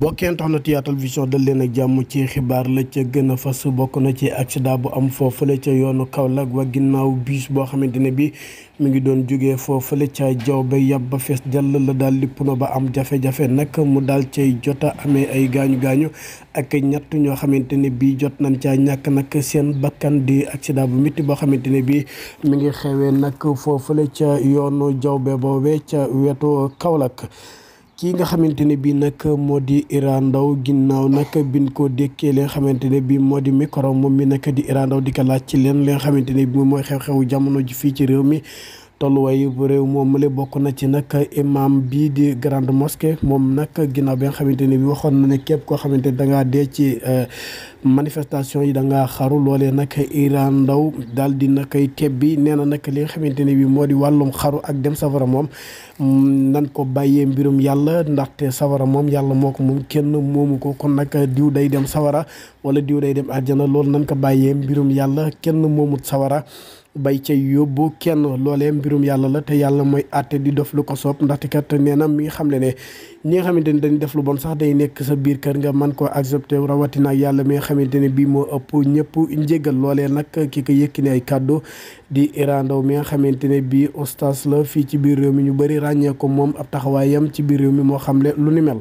bokkeen tax na Yatal Vision dal leen ak ci xibaar la ca gën a fas na ci accident bu am foofale ca yoonu Kaolack wa ginnaaw bus boo xamante ne bi mu ngi doon jóge foofale ca jaw ba yàb ba fees jàll la daal di puno ba am jafe-jafe nag mu daal cay jota amee ay gaañu-gaañu ak ñett ñoo xamante ne bi jot nañ caa ñàkk nag seen bakkan di accident bu métti boo xamante ne bi mu ngi xewee nag foofale ca yoonu jawbe boobee ca wetu kawlak kii nga xamante ne bii nag moo di Iran Ndao ginnaaw nag biñ ko dékkee li nga xamante ne bii moo di micro moom mi nag di Iran di ko ci leen li nga xamante ne bii mooy xew-xewu jamono ji fii ci réew mi tolluwaay bu réew moom la bokk na ci nag imam bii di grande mosquée moom nag ginnaaw bi nga xamante ni bi waxoon na ne képp koo xamante ni dee ci euh, manifestation yi da ngaa xaru loolee nag Iran Ndaw daal di na koy tebbi nee na nag li xamante ni bi moo di wàllum xaru ak dem safara moom mm, nan ko bàyyee mbirum yàlla ndaxte safara moom yàlla moo ko moom kenn moomu ko kon nag diw day dem sawara wala diw day dem àjjana loolu nan ko bàyyee mbirum yàlla kenn moomut sawara bay ca yóbbu kenn loolee mbirum yàlla la te yàlla mooy àtte di dof lu ko soob ndaxte kat nee na mi ngi xam le ne ñi nga xamante ni dañ def lu bon sax day nekk sa biir kër nga mën ko accepté rawatina yàlla mi nga xamante ne bii moo ëpp ñëpp njéggal loolee nag ki ko yëkki ne ay kàddu di Iran Ndao mi nga xamante ne bii oustaz la fii ci biir réew mi ñu bëri ràññee ko moom ab taxawaayam ci biir réew mi moo xam le lu ni mel